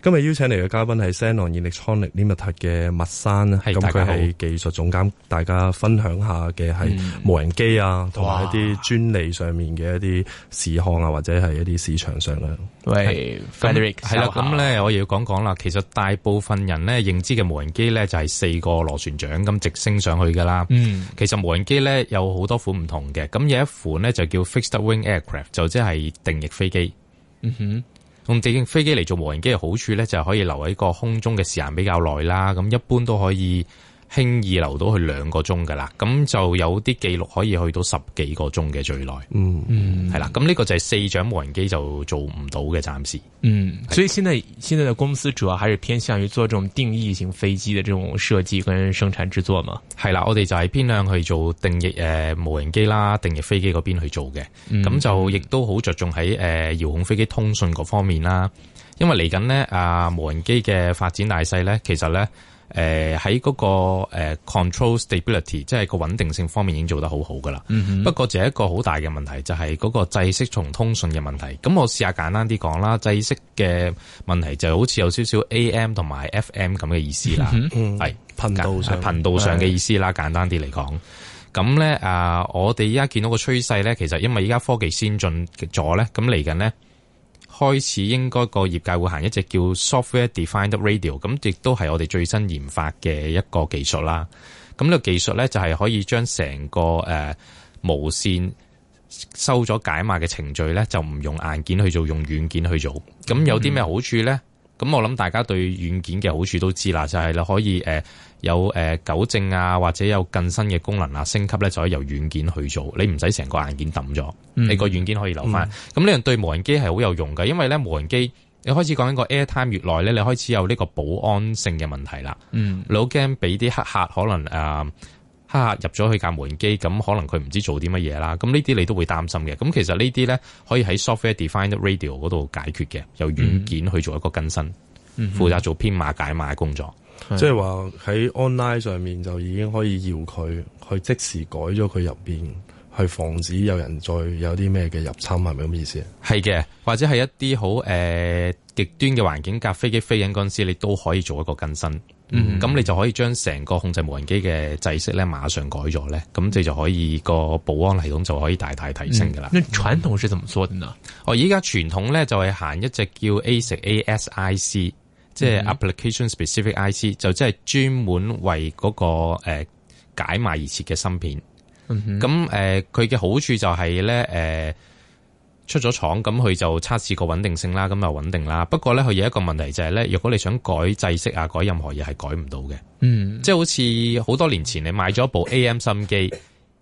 今日邀請嚟嘅嘉賓係 Sanon Electronics Limited 嘅麥山，咁佢係技術總監，大家分享下嘅係無人機啊，同、嗯、埋一啲專利上面嘅一啲事項啊，或者係一啲市場上嘅。喂是，Frederick，係啦，咁咧我又要講講啦。其實大部分人咧認知嘅無人機咧就係、是、四個螺旋槳咁直升上去噶啦、嗯。其實無人機咧有好多款唔同嘅，咁有一款咧就叫 Fixed Wing Aircraft，就即係定翼飛機。嗯哼。用直飛機嚟做無人機嘅好處咧，就係可以留喺個空中嘅時間比較耐啦。咁一般都可以。輕易留到去兩個鐘噶啦，咁就有啲記錄可以去到十幾個鐘嘅最耐，嗯，係啦，咁呢個就係四掌無人機就做唔到嘅，暫時。嗯，所以現在現在的公司主要還是偏向於做這種定翼型飛機嘅這種設計跟生產製作嘛。係啦，我哋就係偏向去做定翼誒、呃、無人機啦、定翼飛機嗰邊去做嘅，咁、嗯、就亦都好着重喺誒遙控飛機通訊嗰方面啦。因為嚟緊呢啊，無人機嘅發展大勢呢，其實呢。誒喺嗰個、呃、control stability，即係個穩定性方面已經做得好好噶啦。不過就係一個好大嘅問題，就係、是、嗰個制式從通訊嘅問題。咁我試下簡單啲講啦，制式嘅問題就好似有少少 AM 同埋 FM 咁嘅意思啦，係頻道、頻道上嘅意思啦、嗯嗯。簡單啲嚟講，咁咧誒我哋依家見到個趨勢咧，其實因為依家科技先進咗咧，咁嚟緊呢。開始應該個業界會行一隻叫 software-defined radio，咁亦都係我哋最新研發嘅一個技術啦。咁呢個技術呢，就係、是、可以將成個、呃、無線收咗解碼嘅程序呢，就唔用硬件去做，用軟件去做。咁有啲咩好處呢？咁、mm -hmm. 我諗大家對軟件嘅好處都知啦，就係、是、啦可以、呃有誒糾正啊，或者有更新嘅功能啊，升級咧就可以由軟件去做，你唔使成個硬件揼咗，mm -hmm. 你個軟件可以留翻。咁、mm、呢 -hmm. 樣對無人機係好有用嘅，因為咧無人機你開始講緊個 airtime 越耐咧，你開始有呢個保安性嘅問題啦。嗯、mm -hmm.，你好驚俾啲黑客可能誒黑、呃、客入咗去架無人機，咁可能佢唔知做啲乜嘢啦。咁呢啲你都會擔心嘅。咁其實呢啲咧可以喺 software defined radio 嗰度解決嘅，由軟件去做一個更新，mm -hmm. 負責做編碼解碼嘅工作。即係話喺 online 上面就已經可以要佢，去即時改咗佢入邊，去防止有人再有啲咩嘅入侵，係咪咁意思？係嘅，或者係一啲好誒極端嘅環境，架飛機飛緊嗰陣時，你都可以做一個更新。嗯，咁你就可以將成個控制無人機嘅制式咧，馬上改咗咧，咁、嗯、你就可以個保安系統就可以大大提升噶啦。那傳統是怎麼做呢？哦依家傳統咧就係行一隻叫 ASIC。即係 application specific IC 就即係專門為嗰、那個誒、呃、解碼而設嘅芯片。咁誒、嗯哼，佢嘅、呃、好處就係、是、咧，誒、呃、出咗廠咁佢就測試個穩定性啦，咁又穩定啦。不過咧，佢有一個問題就係、是、咧，如果你想改制式啊，改任何嘢係改唔到嘅。嗯，即係好似好多年前你買咗一部 AM 芯機。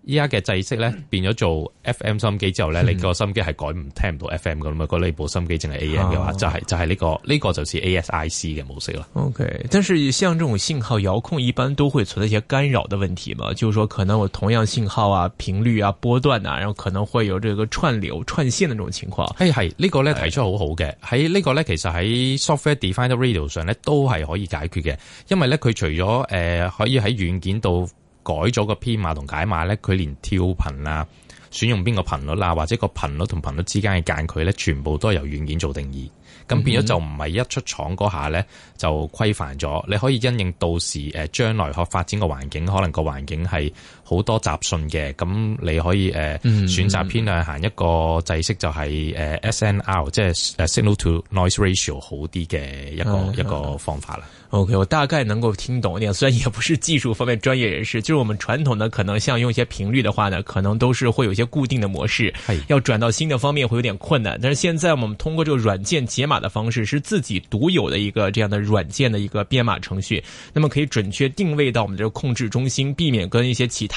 依家嘅制式咧，變咗做 FM 收音機之後咧、嗯，你個收音機係改唔聽唔到 FM 噶啦嘛？嗰你部收音機淨係 AM 嘅話，啊、就係、是、就係、是、呢、這個呢、這個就是 ASIC 嘅模式啦。OK，但是像這種信號遙控，一般都會存在一些干擾的問題嘛？就是說，可能我同樣信號啊、頻率啊、波段啊，然後可能會有這個串流串線呢種情況。係係、這個、呢個咧提出很好好嘅，喺、這個、呢個咧其實喺 software defined radio 上咧都係可以解決嘅，因為咧佢除咗誒、呃、可以喺軟件度。改咗個編碼同解碼呢，佢連跳頻啊、選用邊個頻率啊，或者個頻率同頻率之間嘅間距呢，全部都係由軟件做定義。咁、嗯、變咗就唔係一出廠嗰下呢，就規範咗，你可以因應到時誒將來學發展個環境，可能個環境係。好多雜訊嘅，咁你可以誒、呃嗯、選擇偏向行一個制式，就是，就、呃、係 SNR，即係 signal to noise ratio 好啲嘅一個、嗯嗯、一個方法啦。OK，我大概能夠聽懂一點，雖然也不是技術方面專業人士，就是我們傳統的可能像用一些頻率的話呢，可能都是會有一些固定的模式，係，要轉到新的方面會有點困難。但是現在我們通過這個軟件解碼的方式，是自己獨有的一個這樣的軟件的一個編碼程序，那麼可以準確定位到我們這個控制中心，避免跟一些其他。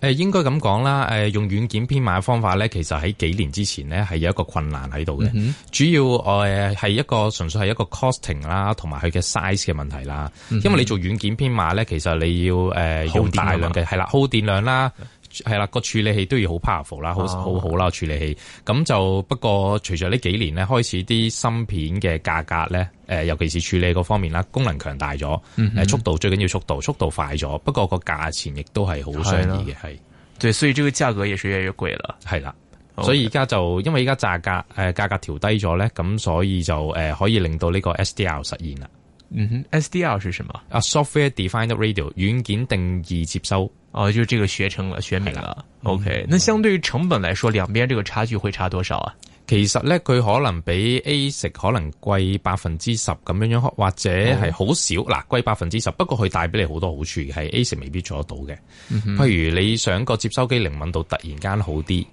誒，應該咁講啦。誒，用軟件編碼嘅方法咧，其實喺幾年之前咧，係有一個困難喺度嘅，主要係誒係一個純粹係一個 costing 啦，同埋佢嘅 size 嘅問題啦，嗯。因為你做軟件編碼咧，其實你要誒用大量嘅係啦，耗電量啦。嗯係啦，個處理器都要好 powerful,、oh. 好 powerful 啦，好好好啦，處理器。咁就不過，隨住呢幾年咧，開始啲芯片嘅價格咧，誒、呃，尤其是處理嗰方面啦，功能強大咗，誒、mm -hmm.，速度，最緊要速度，速度快咗。不過個價錢亦都係好相宜嘅，係、yeah.。就所以之後嘅嘢越嚟越貴啦。係啦，所以而家就、okay. 因為而家價格誒價、呃、格調低咗咧，咁所以就誒可以令到呢個 SDR 實現啦。嗯哼，SDR 是什麼？啊，software defined radio，軟件定義接收。哦，就這個學成了，學明啦。OK，、嗯、那相對於成本嚟說，兩邊呢個差距會差多少啊？其實咧，佢可能比 ASIC 可能貴百分之十咁樣樣，或者係好少，嗱、哦，貴百分之十。不過佢帶俾你好多好處，係 ASIC 未必做得到嘅、嗯。譬如你想個接收機靈敏度突然間好啲。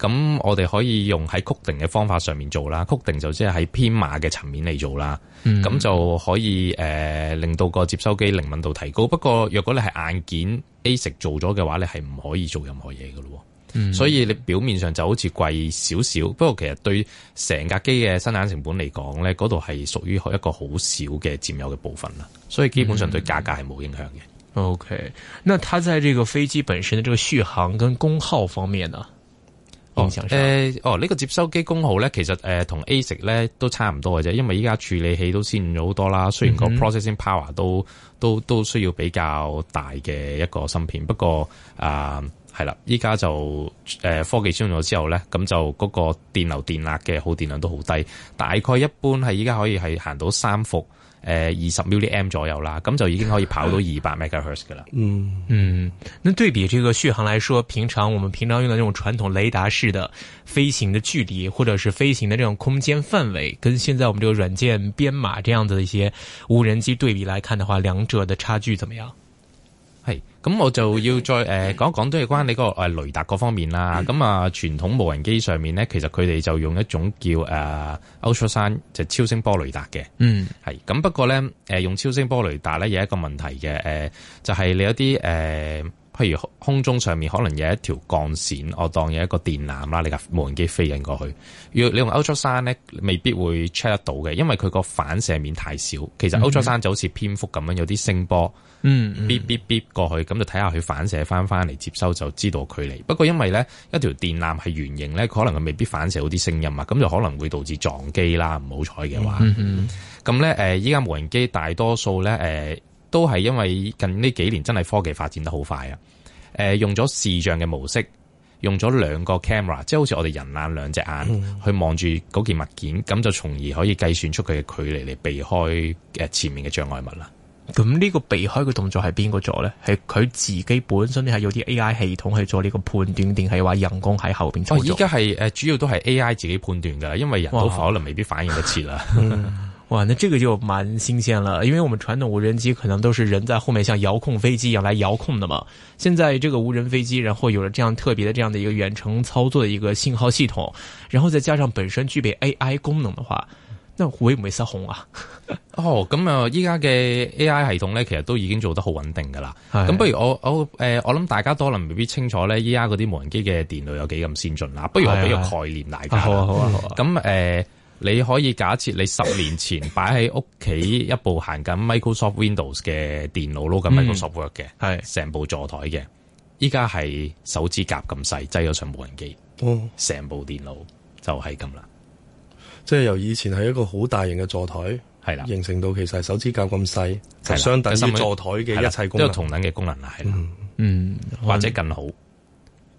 咁我哋可以用喺曲定嘅方法上面做啦，曲定就即係喺編碼嘅層面嚟做啦，咁就可以誒、呃、令到個接收機靈敏度提高。不過若果你係硬件 ASIC 做咗嘅話，你係唔可以做任何嘢噶咯。所以你表面上就好似貴少少，不過其實對成架機嘅生產成本嚟講咧，嗰度係屬於一個好少嘅佔有嘅部分啦。所以基本上對價格係冇影響嘅。嗯、o、okay. K，那它在這個飛機本身的這個續航跟功耗方面呢？哦，誒、欸，哦，呢、這個接收機功耗咧，其實誒，同 ASIC 咧都差唔多嘅啫，因為依家處理器都先進咗好多啦。雖然個 processing power 都嗯嗯都都需要比較大嘅一個芯片，不過啊，係、呃、啦，依家就誒、呃、科技先進咗之後咧，咁就嗰個電流電壓嘅耗電量都好低，大概一般係依家可以係行到三伏，呃，二十 mAh 左右啦，咁就已經可以跑到二百 megahertz 噶啦。嗯嗯，那對比這個續航來說，平常我們平常用的這種傳統雷達式的飛行的距離，或者是飛行的這種空間範圍，跟現在我們這個軟件編碼這樣子的一些無人機對比來看的話，兩者的差距怎麼樣？係，咁我就要再誒講、呃、一講，都係關你個誒雷達嗰方面啦。咁、嗯、啊，傳統無人機上面咧，其實佢哋就用一種叫誒 Ultra、啊、sound，就超聲波雷達嘅。嗯，係。咁不過咧，誒、呃、用超聲波雷達咧，有一個問題嘅，誒、呃、就係、是、你有啲誒、呃，譬如空中上面可能有一條鋼線，我當有一個電纜啦，你架無人機飛緊過去，如果你用 Ultrasound 咧，未必會 check 得到嘅，因為佢個反射面太少。其實 Ultrasound 就好似蝙蝠咁樣，有啲聲波。嗯嗯嗯，嗶嗶嗶過去，咁就睇下佢反射翻翻嚟接收，就知道距離。不過因為咧一條電纜係圓形咧，可能佢未必反射到啲聲音啊，咁就可能會導致撞機啦。唔好彩嘅話，咁咧誒，依家無人機大多數咧誒，都係因為近呢幾年真係科技發展得好快啊。誒，用咗視像嘅模式，用咗兩個 camera，即係好似我哋人眼兩隻眼去望住嗰件物件，咁就從而可以計算出佢嘅距離嚟避開誒前面嘅障礙物啦。咁呢個避開嘅動作係邊個做咧？係佢自己本身咧，係有啲 A I 系統去做呢個判斷，定係話人工喺後邊操作？哦，依家係誒，主要都係 A I 自己判斷噶，因為人都可能未必反應得切啦、嗯。哇，那這個就蠻新鮮啦，因為我們傳統無人機可能都是人在後面像遙控飛機一樣來遙控的嘛。現在這個無人飛機，然後有了這樣特別的這樣的一個遠程操作的一個信號系統，然後再加上本身具備 A I 功能的話。會唔會失控啊？ 哦，咁啊，依家嘅 AI 系統咧，其實都已經做得好穩定噶啦。咁不如我我誒，我諗大家可能未必清楚咧，依家嗰啲無人機嘅電腦有幾咁先進啦。不如我俾個概念大家。好啊好啊。咁、那、誒、個那個那個，你可以假設你十年前擺喺屋企一部行緊 Microsoft Windows 嘅電腦囉。咁 Microsoft Word、嗯、嘅，係成部座台嘅。依家係手指甲咁細，擠咗上無人機，成、哦、部電腦就係咁啦。即係由以前係一個好大型嘅座台，係啦，形成到其實手指甲咁細，就相等座台嘅一切功能，都有同等嘅功能啦，係嗯，嗯，或者更好，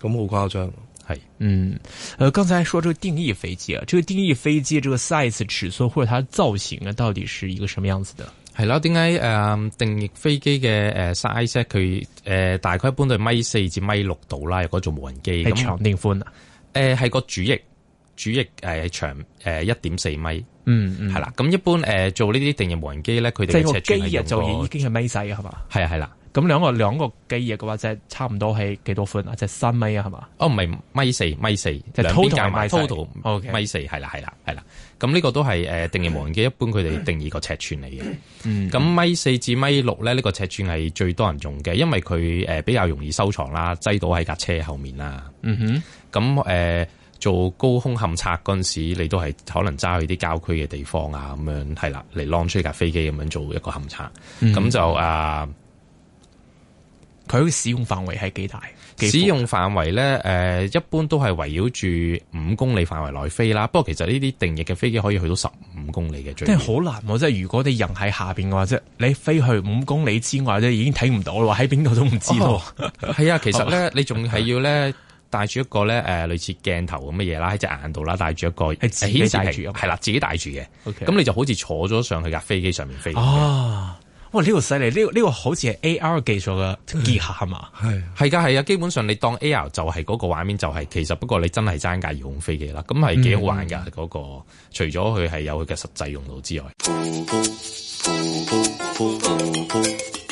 咁好誇張，係，嗯，誒、呃，剛才說這個定翼飛機啊，這個定翼飛機，這個 size 尺寸或者它造型啊，到底是一個什麼樣子的？係啦，點解誒定翼飛機嘅誒 size 佢誒大概一般都係米四至米六度啦，又嗰種無人機，係長定寬啊？誒、呃，係個主翼。主翼誒、呃、長誒、呃嗯嗯、一點四、呃、米，嗯嗯，係啦。咁一般誒做呢啲定型無人機咧，佢哋隻機翼就已經係米細啊，係嘛？係啊係啦。咁兩個兩個機翼嘅話，就差唔多係幾多寬啊？就三米啊，係嘛？哦，唔係米四，米四，就兩邊加埋，total 米四係啦，係啦，係啦。咁呢個都係誒定型無人機，一般佢哋定義個尺寸嚟嘅。咁米四至米六咧，呢個尺寸係最多人用嘅，因為佢誒、呃、比較容易收藏啦，擠到喺架車後面啦。嗯、哼。咁誒。呃做高空勘測嗰陣時，你都係可能揸去啲郊區嘅地方啊，咁樣係啦，嚟 launch 出一架飛機咁樣做一個勘測，咁、嗯、就啊，佢、呃、嘅使用範圍係幾大？幾使用範圍咧，誒、呃，一般都係圍繞住五公里範圍內飛啦。不過其實呢啲定翼嘅飛機可以去到十五公里嘅最。即係好難喎、啊！即係如果你人喺下邊嘅話，即係你飛去五公里之外，都已經睇唔到喎。喺邊度都唔知道。係、哦、 啊，其實咧， 你仲係要咧。戴住一個咧，誒，類似鏡頭咁嘅嘢啦，喺隻眼度啦，戴住一個，係自己戴住，係、啊、啦，自己戴住嘅。咁、okay. 你就好似坐咗上去架飛機上面飛,飛。啊，哇，呢、這個犀利，呢、這個呢、這個好似係 A R 技術嘅結合係嘛？係係噶係啊，基本上你當 A R 就係嗰個畫面就係、是，其實不過你真係揸架遙控飛機啦，咁係幾好玩噶嗰、嗯那個。除咗佢係有佢嘅實際用途之外。嗯嗯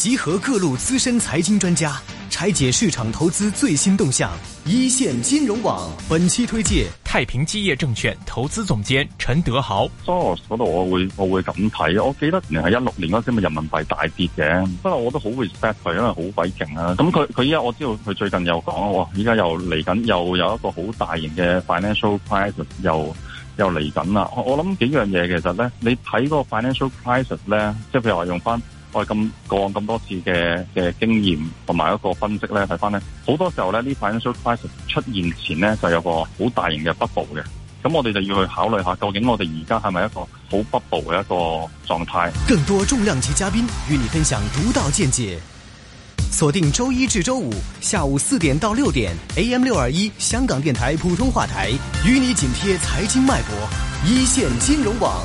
集合各路資深財經專家，拆解市場投資最新動向。一綫金融網本期推介太平基業證券投資總監陳德豪。SARS 嗰度我會我會咁睇，我記得是16年係一六年嗰時咪人民幣大跌嘅，不過我都好 respect 佢，因為好鬼勁啦。咁佢佢依家我知道佢最近又講，哇！依家又嚟緊，又有一個好大型嘅 financial crisis，又又嚟緊啦。我我諗幾樣嘢其實咧，你睇嗰個 financial crisis 咧，即係譬如話用翻。我哋咁過往咁多次嘅嘅經驗同埋一個分析咧，睇翻咧，好多時候咧，呢塊 interest crisis 出現前咧，就有個好大型嘅 bubble 嘅。咁我哋就要去考慮一下，究竟我哋而家係咪一個好 bubble 嘅一個狀態？更多重量級嘉賓與你分享獨到見解，鎖定周一至周五下午四點到六點，AM 六二一香港電台普通話台，與你緊貼財經脈搏，一線金融網。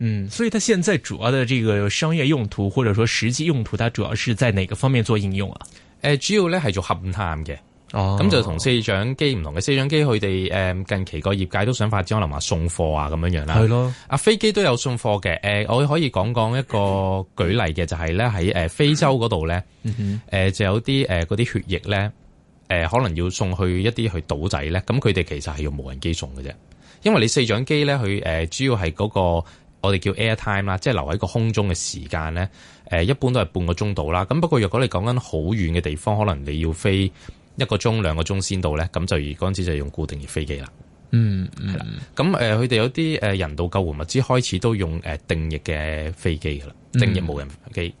嗯，所以他現在主要的這個商業用途，或者說實際用途，他主要是在哪個方面做應用啊？誒、呃，主要咧係做航探嘅哦，咁就同四槳機唔同嘅，四槳機佢哋誒近期個業界都想發展可能話送貨啊咁樣樣啦，係咯，啊飛機都有送貨嘅，誒、呃、我可以講講一個舉例嘅就係咧，喺誒非洲嗰度咧，誒、嗯呃、就有啲誒嗰啲血液咧，誒、呃、可能要送去一啲去島仔咧，咁佢哋其實係用無人機送嘅啫，因為你四槳機咧佢誒主要係嗰、那個。我哋叫 airtime 啦，即係留喺個空中嘅時間咧，誒，一般都係半個鐘到啦。咁不過若果你講緊好遠嘅地方，可能你要飛一個鐘、兩個鐘先到咧，咁就而陣時就用固定翼飛機啦。嗯嗯，係啦。咁誒，佢哋有啲誒人道救援物資開始都用誒定翼嘅飛機噶啦，定翼無人機。嗯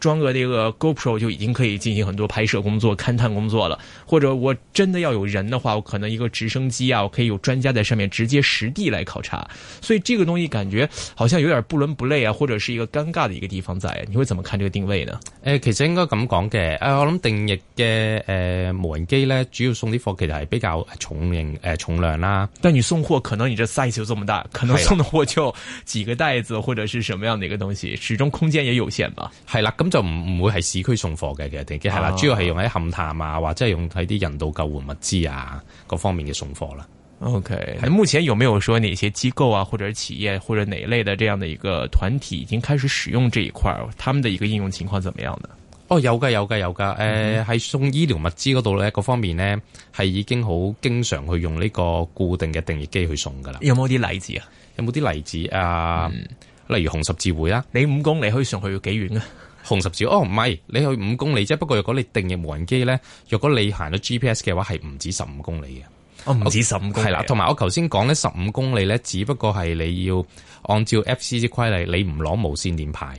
裝個這個 GoPro 就已經可以進行很多拍攝工作、勘探工作了。或者我真的要有人的話，我可能一個直升機啊，我可以有專家在上面直接實地來考察。所以這個東西感覺好像有點不倫不類啊，或者是一個尷尬的一個地方在。你會怎麼看這個定位呢？誒，其實應該咁講嘅。誒，我諗定翼嘅誒、呃、無人機呢，主要送的貨其實係比較重型、呃、重量啦、啊。但你送貨可能你這 size 就這麼大，可能送的貨就幾個袋子或者是什麼樣的一個東西，始終空間也有限吧。係啦，嗯就唔唔會係市區送貨嘅嘅，定翼機係啦，主要係用喺勘探啊，或者係用喺啲人道救援物資啊，各方面嘅送貨啦。OK，咁目前有沒有說哪些機構啊，或者企業或者哪一類的這樣的一個團體已經開始使用這一塊？他們的一個應用情況怎麼樣呢？哦，有噶有噶有噶，誒、呃，係、嗯、送醫療物資嗰度呢，各方面呢，係已經好經常去用呢個固定嘅定翼機去送噶啦。有冇啲例子啊？有冇啲例子啊、嗯？例如紅十字會啦、啊，你五公里可以上去要幾遠啊？紅十字，哦，唔係你去五公里啫。不過如果你定嘅無人機咧，若果你行到 GPS 嘅話，係唔止十五公里嘅。哦，唔止十五公里。係啦，同埋我頭先講咧，十五公里咧，只不過係你要按照 FC 規例，你唔攞無線電牌，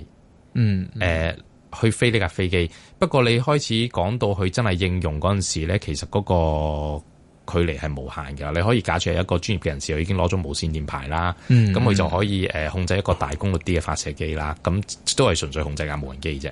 嗯，誒、嗯呃，去飛呢架飛機。不過你開始講到佢真係應用嗰陣時咧，其實嗰、那個。距離係無限㗎，你可以假設係一個專業嘅人士，佢已經攞咗無線電牌啦，咁、嗯、佢就可以誒控制一個大功率啲嘅發射機啦，咁都係純粹控制架無人機啫。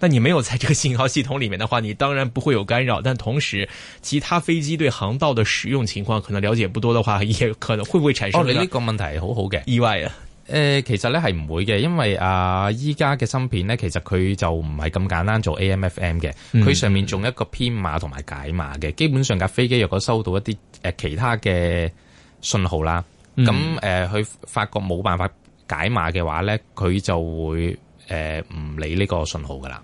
但你沒有在這個信號系統裏面的話，你當然不會有干擾，但同時其他飛機對航道的使用情況可能了解不多的話，也可能會不會產生哦。你呢個問題很好好嘅，意外啊？誒、呃，其實咧係唔會嘅，因為啊，依家嘅芯片呢其實佢就唔係咁簡單做 AMFM 嘅，佢上面仲有一個編碼同埋解碼嘅、嗯。基本上架飛機若果收到一啲誒、呃、其他嘅信號啦，咁誒佢發覺冇辦法解碼嘅話咧，佢就會誒唔、呃、理呢個信號噶啦。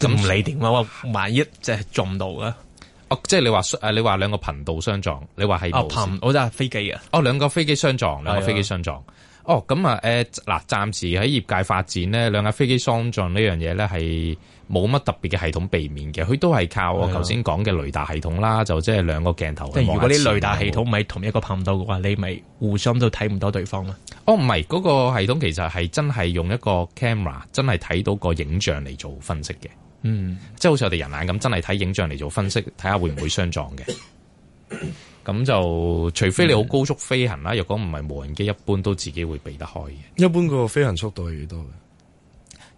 咁唔理掂喎，萬一即係撞到啊！哦，即係你話誒，你話兩個頻道相撞，你話係啊，碰！我就係飛機啊！哦，兩個飛機相撞，嗯、兩個飛機相撞。嗯、哦，咁啊，誒、呃、嗱，暫時喺業界發展呢，兩架飛機相撞呢樣嘢咧，係冇乜特別嘅系統避免嘅，佢都係靠我頭先講嘅雷達系統啦、嗯，就即係兩個鏡頭。即係如果啲雷達系統唔係同一個頻道嘅話，嗯、你咪互相都睇唔到對方咯。哦，唔係嗰個系統其實係真係用一個 camera 真係睇到個影像嚟做分析嘅。嗯，即係好似我哋人眼咁，真係睇影像嚟做分析，睇下會唔會相撞嘅。咁 就除非你好高速飛行啦，若、嗯、果唔係無人機，一般都自己會避得開嘅。一般個飛行速度係幾多嘅？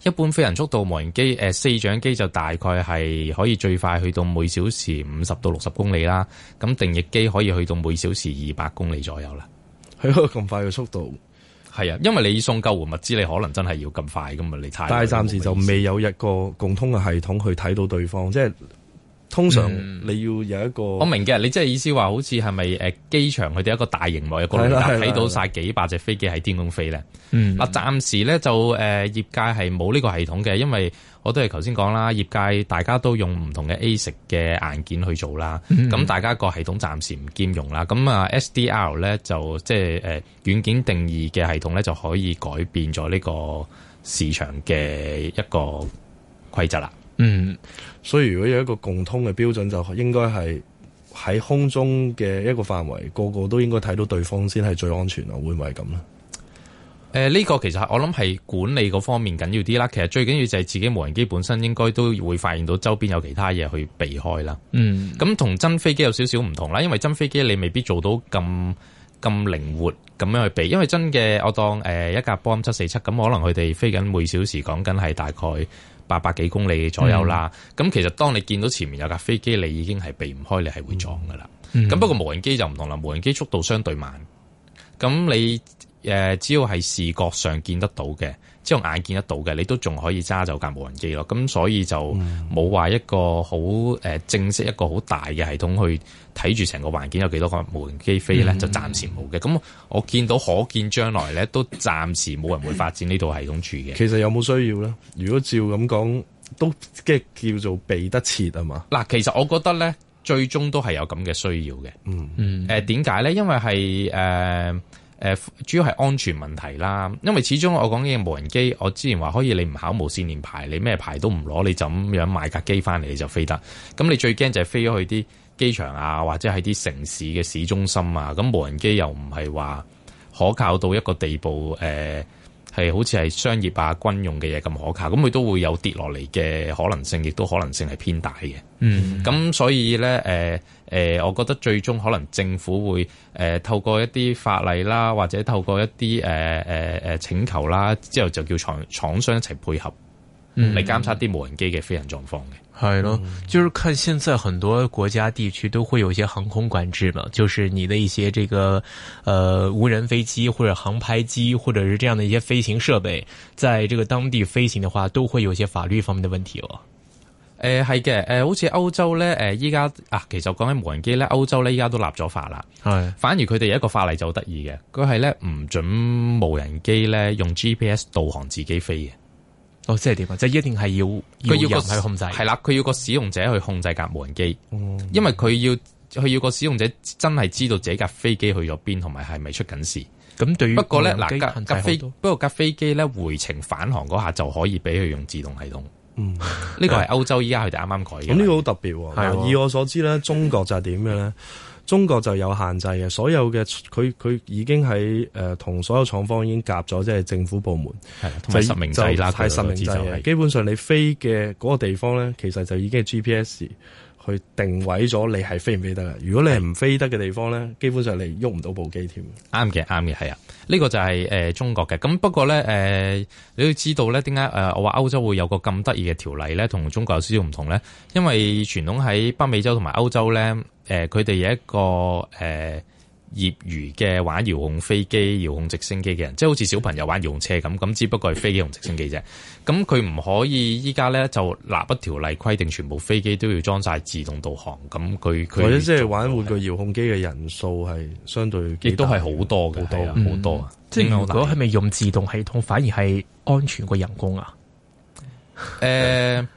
一般飛行速度，無人機誒四槳機就大概係可以最快去到每小時五十到六十公里啦。咁定翼機可以去到每小時二百公里左右啦。係咯，咁 快嘅速度。係啊，因為你送救援物資，你可能真係要咁快噶嘛，你太，但係暫時就未有一個共通嘅系統去睇到對方，即係通常你要有一個。嗯、我明嘅，你即係意思話，好似係咪誒機場佢哋一個大型內個雷達睇到晒幾百隻飛機喺天空飛咧？嗯，啊，暫時咧就誒、呃、業界係冇呢個系統嘅，因為。我都係頭先講啦，業界大家都用唔同嘅 ASIC 嘅硬件去做啦，咁、嗯嗯、大家個系統暫時唔兼容啦。咁啊，SDL 呢就即係誒軟件定義嘅系統呢，就可以改變咗呢個市場嘅一個規則啦。嗯，所以如果有一個共通嘅標準，就應該係喺空中嘅一個範圍，個個都應該睇到對方先係最安全啊。會唔會係咁咧？誒、呃、呢、這個其實我諗係管理嗰方面緊要啲啦。其實最緊要就係自己無人機本身應該都會發現到周邊有其他嘢，去避開啦。嗯，咁同真飛機有少少唔同啦，因為真飛機你未必做到咁咁靈活咁樣去避，因為真嘅我當誒、呃、一架波音七四七咁，可能佢哋飛緊每小時講緊係大概八百幾公里左右啦。咁、嗯、其實當你見到前面有架飛機，你已經係避唔開，你係會撞㗎啦。咁、嗯、不過無人機就唔同啦，無人機速度相對慢，咁你。誒，只要係視覺上見得到嘅，即係眼見得到嘅，你都仲可以揸走架無人機咯。咁所以就冇話一個好，誒正式一個好大嘅系統去睇住成個環境有幾多個無人機飛咧、嗯，就暫時冇嘅。咁我見到可見將來咧都暫時冇人會發展呢套系統住嘅。其實有冇需要咧？如果照咁講，都即係叫做避得切啊嘛。嗱，其實我覺得咧，最終都係有咁嘅需要嘅。嗯嗯。誒，點解咧？因為係誒。呃誒，主要係安全問題啦，因為始終我講嘅無人機，我之前話可以你唔考無線連牌，你咩牌都唔攞，你就咁樣買架機翻嚟就飛得。咁你最驚就係飛咗去啲機場啊，或者喺啲城市嘅市中心啊，咁無人機又唔係話可靠到一個地步誒。呃係好似係商業啊、軍用嘅嘢咁可靠，咁佢都會有跌落嚟嘅可能性，亦都可能性係偏大嘅。嗯，咁所以咧，誒、呃呃、我覺得最終可能政府會、呃、透過一啲法例啦，或者透過一啲誒誒誒請求啦，之後就叫廠廠商一齊配合。嚟監察啲無人機嘅飛行狀況嘅，係咯，就是看現在很多國家地區都會有一些航空管制嘛，就是你的一些這個，呃，無人飛機或者航拍機，或者是這樣的一些飛行設備，在這個當地飛行的話，都會有一些法律方面的問題。誒、呃，係嘅，誒、呃，好似歐洲咧，誒、呃，依家啊，其實講起無人機咧，歐洲咧依家都立咗法啦，係，反而佢哋有一個法例就得意嘅，佢係咧唔准無人機咧用 GPS 導航自己飛嘅。哦，即係點啊？即係一定係要佢要個要人去控制，係啦，佢要個使用者去控制架無人機，嗯，因為佢要佢要個使用者真係知道自己架飛機去咗邊，同埋係咪出緊事？咁對於不過呢，嗱架飛不過架飛機呢，回程返航嗰下就可以俾佢用自動系統。嗯，呢、嗯呢個係歐洲依家佢哋啱啱改嘅，咁呢個好特別。係。以我所知呢中國就係點嘅咧？中國就有限制嘅，所有嘅佢佢已經喺，誒、同所有廠方已經夾咗，即係政府部門係，同埋實名制啦，太實名制。基本上你飛嘅嗰個地方咧，其實就已經係 GPS 去定位咗你係飛唔飛得啦。如果你係唔飛得嘅地方咧，基本上你喐唔到部機添。啱嘅，啱嘅，係啊，呢、這個就係、是、誒、呃、中國嘅。咁不過咧，誒、呃、你要知道咧，點解誒我話歐洲會有個咁得意嘅條例咧，同中國有少少唔同咧？因為傳統喺北美洲同埋歐洲咧，誒、呃，佢哋有一個誒、呃、業餘嘅玩遙控飛機、遙控直升機嘅人,即係好似小朋友玩遙控車咁，咁只不過係飛機、用直升機啫。咁佢唔可以依家咧就立法條例規定，全部飛機都要裝晒自動導航。咁佢佢，或者即係玩玩具遙控機嘅人數係相對亦都係好多好多好多啊！嗯多嗯、即係如果係咪用自動系統，反而係安全過人工啊？誒、嗯，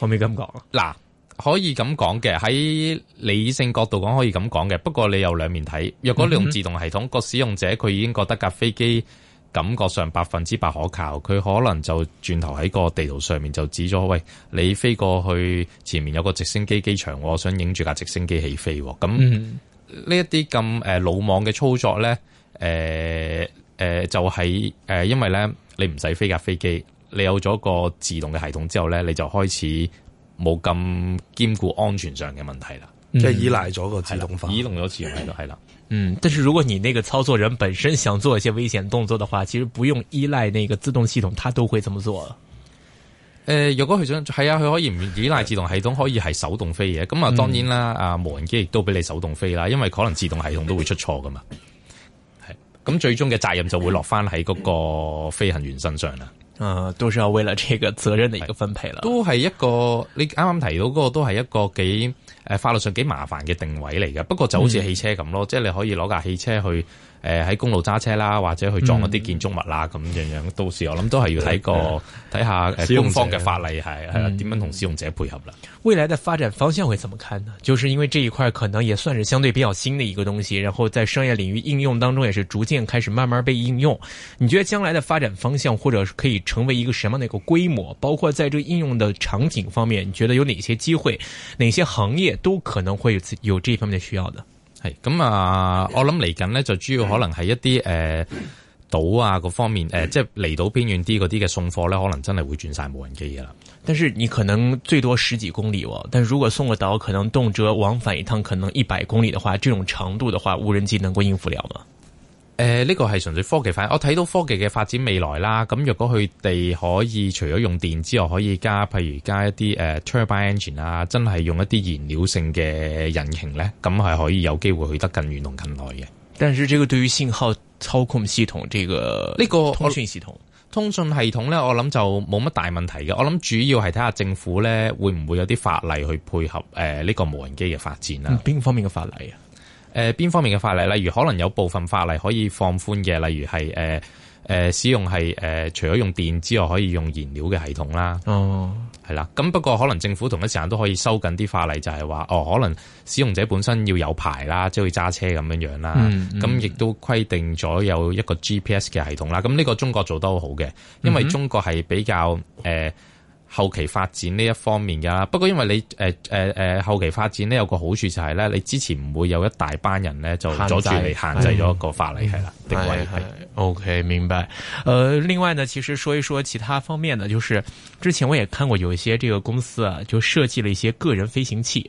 可唔可以咁講嗱。可以咁講嘅，喺理性角度講可以咁講嘅。不過你有兩面睇，若果你用自動系統，個、嗯、使用者佢已經覺得架飛機感覺上百分之百可靠，佢可能就轉頭喺個地圖上面就指咗喂，你飛過去前面有個直升機機場，我想影住架直升機起飛。咁呢一啲咁誒魯莽嘅操作呢，誒、呃、誒、呃、就係、是、誒、呃，因為呢，你唔使飛架飛機，你有咗個自動嘅系統之後呢，你就開始。冇咁兼顧安全上嘅問題啦，即、嗯、係、就是、依賴咗個自動化，依賴咗自動化係啦。嗯，但是如果你那個操作人本身想做一些危險動作的話，其實不用依賴那個自動系統，他都會咁做。誒、呃，如果佢想係啊，佢可以唔依賴自動系統，可以係手動飛嘅。咁、嗯、啊，當然啦，啊，無人機亦都俾你手動飛啦，因為可能自動系統都會出錯噶嘛。係，咁最終嘅責任就會落翻喺嗰個飛行員身上啦。誒、嗯，都是要為了這個責任的一個分配啦，都係一個你啱啱提到嗰個，都係一個幾誒法律上幾麻煩嘅定位嚟嘅。不過就好似汽車咁咯、嗯，即係你可以攞架汽車去。誒，喺公路揸車啦，或者去撞一啲建築物啦，咁、嗯、樣樣。到時我諗都係要睇過睇下誒，官、嗯、方嘅法例係係點樣同使用者配合。未來嘅發展方向會怎麼看呢？就是因為這一塊可能也算是相對比較新嘅一個東西，然後在商業領域應用當中也是逐漸開始慢慢被應用。你覺得將來嘅發展方向或者可以成為一個什麼樣嘅一個規模？包括在這個應用嘅場景方面，你覺得有哪些機會？哪些行業都可能會有有這方面嘅需要呢？係咁啊！我諗嚟緊呢就主要可能係一啲誒島啊，各方面誒、呃，即係離島偏遠啲嗰啲嘅送貨呢，可能真係會轉晒無人機啦。但係你可能最多十幾公里喎，但如果送個島，可能動輒往返一趟，可能一百公里嘅話，這種程度嘅話，無人機能夠應付了嗎？誒、呃、呢、這個係純粹科技發展。我睇到科技嘅發展未來啦。咁若果佢哋可以除咗用電之外，可以加，譬如加一啲誒、呃、turbine engine 啊，真係用一啲燃料性嘅引擎咧，咁係可以有機會去得更遠同更耐嘅。但係呢個對於先刻操控系統呢個，呢個通訊系統，這個、通訊系統咧，我諗就冇乜大問題嘅。我諗主要係睇下政府咧會唔會有啲法例去配合誒呢、呃這個無人機嘅發展啦。邊、嗯、方面嘅法例啊？誒、呃，邊方面嘅法例，例如可能有部分法例可以放寬嘅，例如係誒誒，使用係誒、呃，除咗用電之外，可以用燃料嘅系統啦。哦，係啦，咁不過可能政府同一時間都可以收緊啲法例就，就係話哦，可能使用者本身要有牌啦，即係揸車咁樣樣啦。咁、嗯、亦、嗯、都規定咗有一個 GPS 嘅系統啦。咁呢個中國做得好好嘅，因為中國係比較誒。嗯呃後期發展呢一方面噶，不過因為你誒誒誒後期發展呢，有個好處就係、是、呢：你之前唔會有一大班人呢，就阻住你限制咗個法例啦。O、okay, K 明白。誒、呃，另外呢，其實說一說其他方面呢，就是之前我也看過有一些這個公司啊，就設計了一些個人飛行器。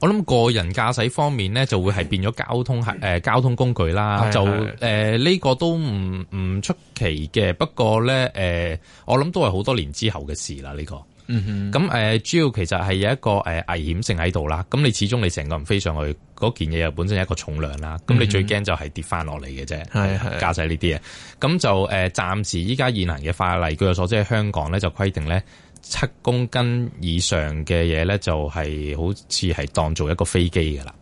我諗個人駕駛方面咧，就會係變咗交通誒、呃、交通工具啦，是是就誒呢、呃這個都唔唔出奇嘅。不過咧誒、呃，我諗都係好多年之後嘅事啦呢、這個。咁、嗯、誒、呃、主要其實係有一個誒危險性喺度啦。咁你始終你成個人飛上去，嗰件嘢又本身係一個重量啦。咁你最驚就係跌翻落嚟嘅啫。係、嗯、駛駕駛呢啲嘢。咁就誒暫、呃、時依家現行嘅法例，據我所知喺香港咧就規定咧。七公斤以上嘅嘢咧，就係好似係當做一個飛機噶啦。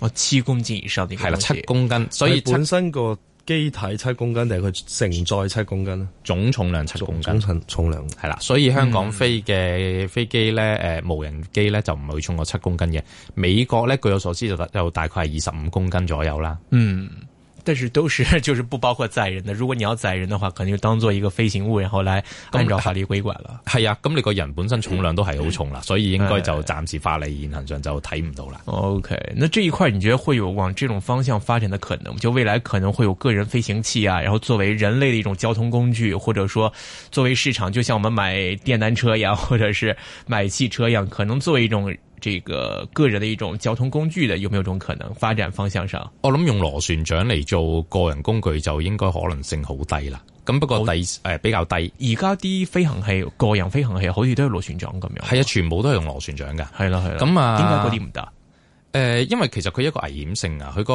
我七公斤以上啲係啦，七公斤，所以本身個機體七公斤定係佢承載七公斤啊？總重量七公斤，總總總重量係啦。所以香港飛嘅飛機咧，誒、嗯，無人機咧就唔會重過七公斤嘅。美國咧，據我所知就，就大概係二十五公斤左右啦。嗯。但是都是就是不包括載人的。如果你要載人的話，可能就當做一個飛行物，然後來按照法律規管了。係呀，咁你個人本身重量都係好重啦，所以應該就暫時法例現行上就睇唔到啦。O、okay, K，那這一塊你覺得會有往這種方向發展的可能？就未來可能會有個人飛行器啊，然後作為人類的一種交通工具，或者說作為市場，就像我們買電單車一樣，或者是買汽車一樣，可能作為一種。呢、這個個人的一種交通工具的，有冇有種可能發展方向上？我諗用螺旋槳嚟做個人工具就應該可能性好低啦。咁不過第誒、哦哎、比較低。而家啲飛行器個人飛行器好似都係螺旋槳咁樣的。係啊，全部都係用螺旋槳噶。係啦，係啦。咁啊，那點解嗰啲唔得？誒、呃，因為其實佢一個危險性啊，佢個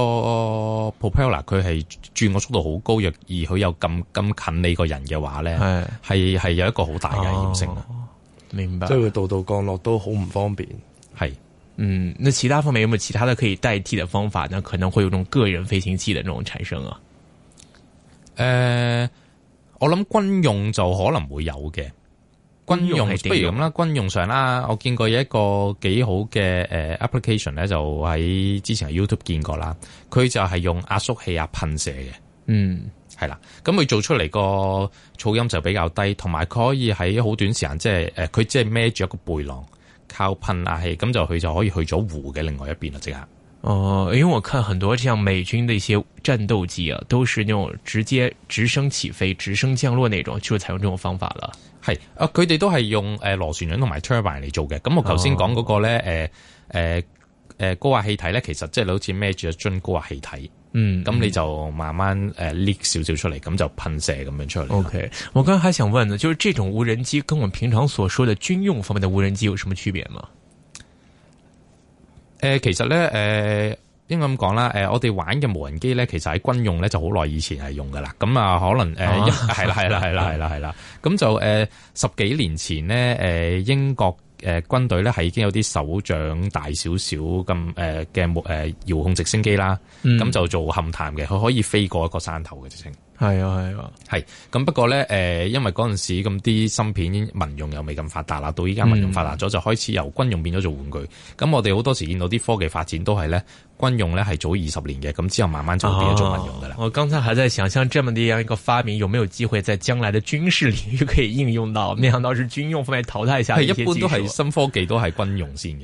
propeller 佢係轉個速度好高，若而佢又咁咁近你個人嘅話咧，係係有一個好大嘅危險性啊、哦。明白。即係佢度度降落都好唔方便。係，嗯，那其他方面有冇其他都可以代替的方法呢？呢可能會有種個人飛行器的那種產生啊。誒、呃，我諗軍用就可能會有嘅，軍用不如咁啦，軍用上啦，我見過一個幾好嘅誒 application 咧，就喺之前喺 YouTube 見過啦，佢就係用壓縮器啊噴射嘅，嗯，係啦，咁佢做出嚟個噪音就比較低，同埋佢可以喺好短時間，即係誒，佢即係孭住一個背囊。靠噴氣、啊，咁就佢就可以去咗湖嘅另外一邊啦，即刻。哦，因為我看很多像美軍的一些戰鬥機啊，都是用直接直升起飛、直升降落那種就會採用呢種方法啦。係啊，佢哋都係用誒、呃、螺旋槳同埋 turbine 來做嘅。咁我頭先講嗰個咧，誒誒誒高壓氣體咧，其實即係你好似孭住一樽高壓氣體。嗯，咁你就慢慢誒 lift 少少出嚟，咁、嗯、就噴射咁樣出嚟。OK，我剛才還想問咧，就是這種無人機跟我們平常所說的軍用方面的無人機有什麼區別嗎？誒、呃，其實呢誒，應該咁講啦，誒、呃，我哋玩嘅無人機呢，其實喺軍用呢就好耐以前係用噶啦，咁啊，可能誒，係、呃啊嗯、啦，係啦，係啦，係啦，係啦，咁 就誒、呃，十幾年前呢誒、呃，英國。誒、呃、軍隊咧係已經有啲手掌大少少咁誒嘅木誒遙控直升機啦，咁、嗯、就做勘探嘅，佢可以飛過一個山頭嘅直升。係啊，係啊，係。咁不過呢誒、呃，因為嗰陣時咁啲芯片民用又未咁發達啦，到依家民用發達咗，就開始由軍用變咗做玩具。咁我哋好多時見到啲科技發展都係呢，軍用呢係早二十年嘅，咁之後慢慢就變咗做民用噶啦、哦。我剛才還在想象這樣一個發明有沒有機會在將來的軍事領域可以應用到？沒想到是軍用方面淘汰下一。佢一般都係新科技都係軍用先嘅。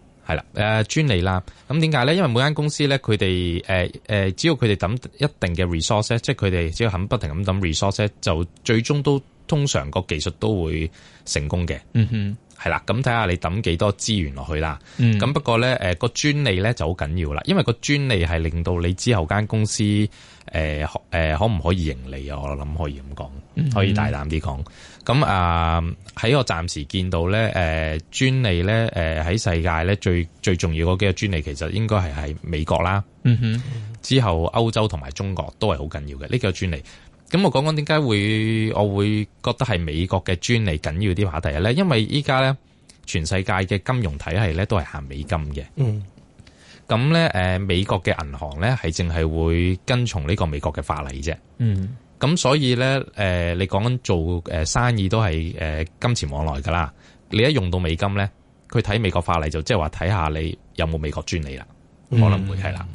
係啦，誒、呃、專利啦，咁點解咧？因為每間公司咧，佢哋誒誒，只要佢哋抌一定嘅 resource，即係佢哋只要肯不停咁抌 resource，就最終都通常個技術都會成功嘅。嗯哼，係啦，咁睇下你抌幾多資源落去啦。嗯，咁不過咧，誒、呃、個專利咧就好緊要啦，因為個專利係令到你之後間公司誒誒、呃呃、可唔可以盈利啊？我諗可以咁講，可以大膽啲講。咁啊，喺我暫時見到咧，誒、呃，專利咧，誒、呃，喺世界咧最最重要嗰幾個專利，其實應該係喺美國啦。嗯哼，嗯哼。之後歐洲同埋中國都係好緊要嘅呢幾個專利。咁我講講點解會，我會覺得係美國嘅專利緊要啲話題咧，因為依家咧全世界嘅金融體系咧都係行美金嘅。嗯，咁咧，誒、呃，美國嘅銀行咧係淨係會跟從呢個美國嘅法例啫。嗯。咁所以咧，誒、呃、你講緊做誒、呃、生意都係誒、呃、金錢往來噶啦，你一用到美金咧，佢睇美國法例就即係話睇下你有冇美國專利啦、嗯，可能會係啦。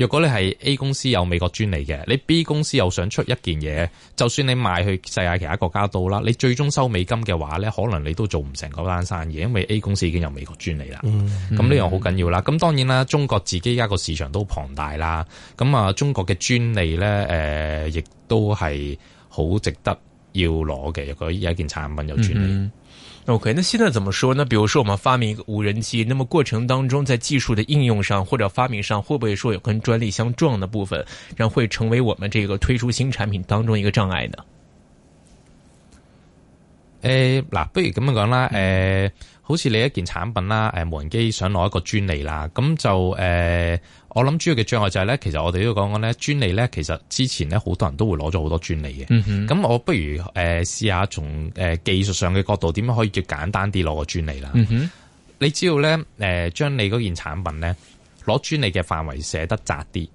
如果你係 A 公司有美國專利嘅，你 B 公司又想出一件嘢，就算你賣去世界其他國家都啦，你最終收美金嘅話呢，可能你都做唔成嗰單生意，因為 A 公司已經有美國專利啦。咁、嗯、呢、嗯、樣好緊要啦。咁當然啦，中國自己而家個市場都龐大啦。咁啊，中國嘅專利呢，誒，亦都係好值得要攞嘅。如果有一件產品有專利。OK，那現在怎麼說呢？比如說我們發明一個無人機，那麼過程當中在技術的應用上或者發明上，會不會說有跟專利相撞的部分，然後會成為我們這個推出新產品當中一個障礙呢？誒、呃，嗱，不如咁樣講啦，誒、呃，好似你一件產品啦，誒、呃，無人機想攞一個專利啦，咁就誒。呃我諗主要嘅障礙就係、是、咧，其實我哋都要講講咧，專利咧，其實之前咧好多人都會攞咗好多專利嘅。咁、嗯、我不如誒試下從誒技術上嘅角度，點樣可以叫簡單啲攞個專利啦、嗯哼。你只要咧誒將你嗰件產品咧攞專利嘅範圍寫得窄啲，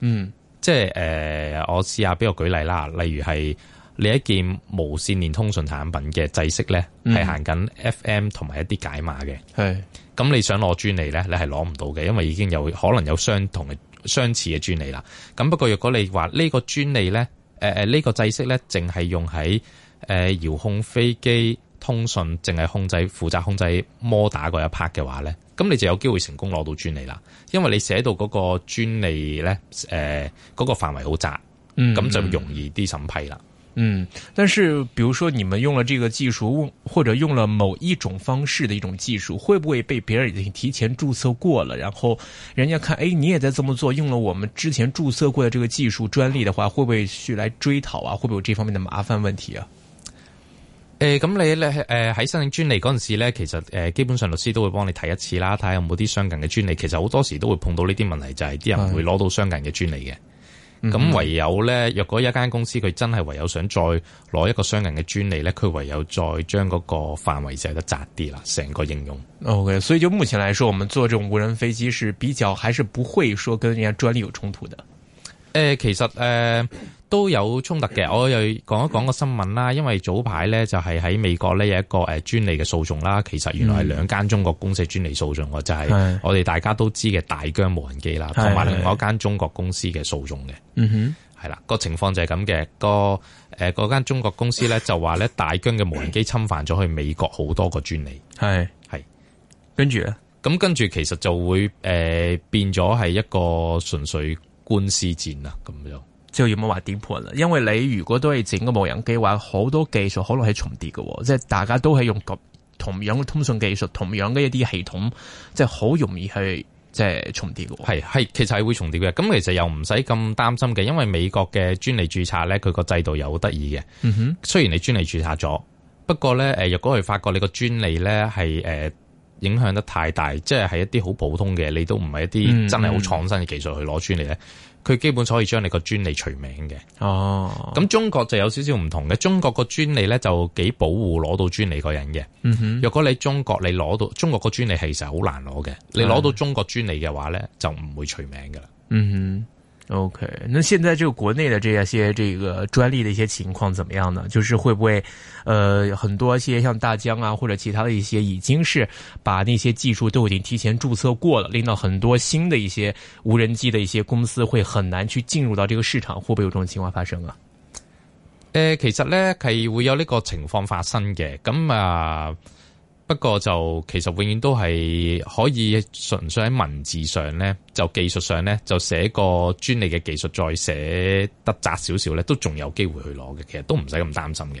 嗯，即係誒、呃、我試下俾個舉例啦，例如係。你一件無線連通訊產品嘅制式咧，係、嗯、行緊 FM 同埋一啲解碼嘅。係咁，你想攞專利咧，你係攞唔到嘅，因為已經有可能有相同嘅相似嘅專利啦。咁不過，若果你話呢個專利咧，誒誒呢個制式咧，淨係用喺誒、呃、遙控飛機通訊，淨係控制負責控制摩打嗰一 part 嘅話咧，咁你就有機會成功攞到專利啦，因為你寫到嗰個專利咧，誒、呃、嗰、嗰個範圍好窄，嗯、嗯，咁就容易啲審批啦。嗯，但是，比如說你們用了這個技術，或者用了某一種方式的一種技術，會不會被別人已經提前注冊過了？然後，人家看，誒、哎，你也在這麼做，用了我們之前注冊過的這個技術專利的話，會不會去來追討啊？會不會有這方面的麻煩問題啊？誒、呃，咁你咧，誒、呃、喺申請專利嗰陣時咧，其實誒、呃，基本上律師都會幫你睇一次啦，睇下有冇啲相近嘅專利。其實好多時都會碰到呢啲問題，就係、是、啲人會攞到相近嘅專利嘅。咁唯有咧，若果一間公司佢真係唯有想再攞一個雙人嘅專利咧，佢唯有再將嗰個範圍寫得窄啲啦，成個應用。O、okay, K，所以就目前來說，我們做這種無人飛機是比較，還是不會說跟人家專利有衝突的。誒，其實誒、呃、都有衝突嘅，我又講一講個新聞啦。因為早排咧就係喺美國咧有一個誒專利嘅訴訟啦。其實原來係兩間中國公司專利訴訟，嗯就是、我就係我哋大家都知嘅大疆無人機啦，同埋另外一間中國公司嘅訴訟嘅。嗯哼，係啦，個情況就係咁嘅。個誒嗰間中國公司咧就話咧大疆嘅無人機侵犯咗去美國好多個專利。係係，跟住咧，咁跟住其實就會誒、呃、變咗係一個純粹。官司戰啦咁樣，最後有冇話點判啦。因為你如果都係整個無人機話，好多技術可能係重疊嘅，即係大家都係用同樣樣嘅通訊技術、同樣嘅一啲系統，即係好容易去即係重疊嘅。係係，其實係會重疊嘅。咁其實又唔使咁擔心嘅，因為美國嘅專利註冊咧，佢個制度又好得意嘅。嗯哼，雖然你專利註冊咗，不過咧，如若果佢發覺你個專利咧係、呃影響得太大，即係一啲好普通嘅，你都唔係一啲真係好創新嘅技術去攞專利呢佢、mm -hmm. 基本可以將你個專利除名嘅。哦，咁中國就有少少唔同嘅。中國個專利呢，就幾保護攞到專利個人嘅。嗯哼，若果你中國你攞到中國個專利係其實好難攞嘅。你攞到中國專利嘅話呢，就唔會除名㗎喇。嗯哼。OK，那現在這個國內的這些這個專利的一些情況怎麼樣呢？就是會不會，呃，很多一些像大疆啊，或者其他的一些，已經是把那些技術都已經提前註冊過了，令到很多新的一些無人機的一些公司會很難去進入到這個市場，會不會有這種情況發生啊？呃，其實呢，係會有呢個情況發生嘅，咁啊。不過就其實永遠都係可以純粹喺文字上咧，就技術上咧，就寫個專利嘅技術再寫得窄少少咧，都仲有機會去攞嘅。其實都唔使咁擔心嘅。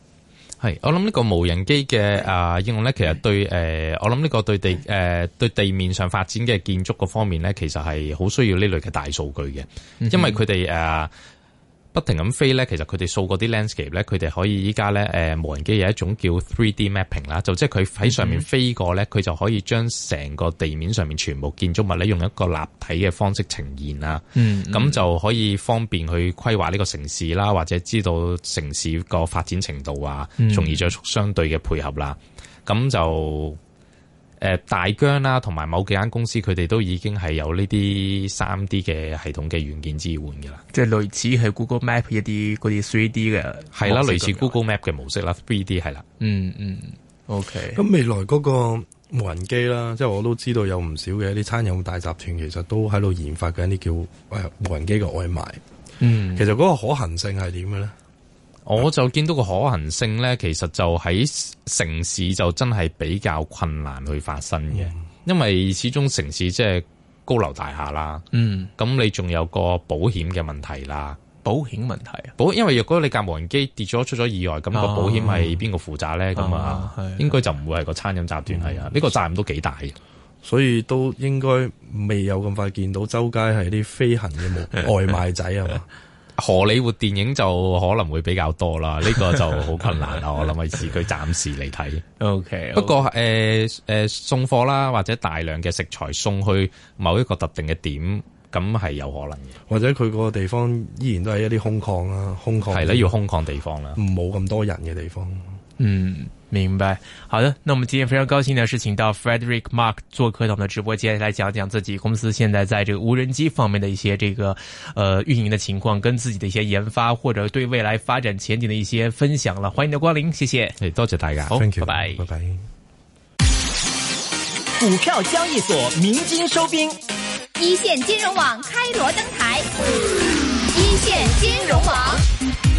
係，我諗呢個無人機嘅、誒應用咧，其實對誒，我諗呢個對地誒，對地面上發展嘅建築嗰方面咧，其實係好需要呢類嘅大數據嘅，因為佢哋誒。嗯不停咁飛咧，其實佢哋掃過啲 landscape 咧，佢哋可以依家咧，誒，無人機有一種叫 3D mapping 啦，就即係佢喺上面飛過咧，佢、嗯、就可以將成個地面上面全部建築物咧，用一個立體嘅方式呈現啦。嗯，嗯，咁就可以方便去規劃呢個城市啦，或者知道城市個發展程度啊，從而作出相對嘅配合啦。咁就。誒大疆啦，同埋某幾間公司，佢哋都已經係有呢啲三 D 嘅系統嘅軟件支援㗎啦，即係類似係 Google Map 一啲嗰啲3 D 嘅係啦，類似 Google Map 嘅模式啦，3 D 係啦，嗯嗯，OK。咁未來嗰個無人機啦，即係我都知道有唔少嘅啲餐飲大集團其實都喺度研發緊啲叫誒無人機嘅外賣，嗯，其實嗰個可行性係點嘅咧？我就見到個可行性咧，其實就喺城市就真係比較困難去發生嘅，因為始終城市即係高樓大廈啦。嗯，咁你仲有個保險嘅問題啦。保險問題啊？保，因為若果你架無人機跌咗出咗意外，咁個保險係邊個負責咧？咁啊，應該就唔會係個餐飲集團係啊，呢個責任都幾大，所以都應該未有咁快見到周街係啲飛行嘅外賣仔啊嘛。 荷里活電影就可能會比較多啦，呢 個就好困難啦。 我諗係時佢暫時嚟睇。O K。不過誒誒、呃呃，送貨啦，或者大量嘅食材送去某一個特定嘅點，咁係有可能嘅。或者佢個個地方依然都係一啲空曠啦，空曠，係啦，要空曠地方啦，冇咁多人嘅地方。嗯。明白，好的。那我們今天非常高興的是，請到 Fredrick Mak 做客到我們的直播間，來講講自己公司現在在這個無人機方面的一些這個呃運營的情況，跟自己的一些研發或者對未來發展前景的一些分享了。歡迎你的光臨，謝謝。哎，多謝大家，oh,，thank you，拜拜，拜拜。股票交易所鳴金收兵，一線金融網開鑼登台，一線金融網。